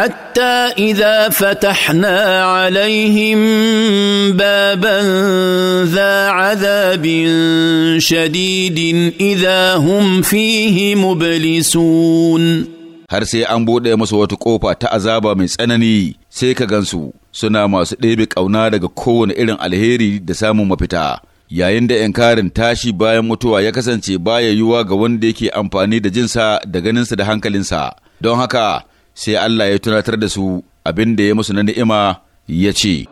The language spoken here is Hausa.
حتى اذا فتحنا عليهم بابا ذا عذاب شديد اذا هم فيه مبلسون har sai an buɗe musu wata ƙofa ta azaba mai tsanani sai ka gansu suna masu ɗebe ƙauna daga kowane irin alheri da samun mafita yayin da inkarin tashi bayan mutuwa ya kasance baya yiwuwa ga wanda yake amfani da jinsa da ganinsa da hankalinsa don haka sai Allah ya tunatar da su abin da ya musu na ni'ima ya ce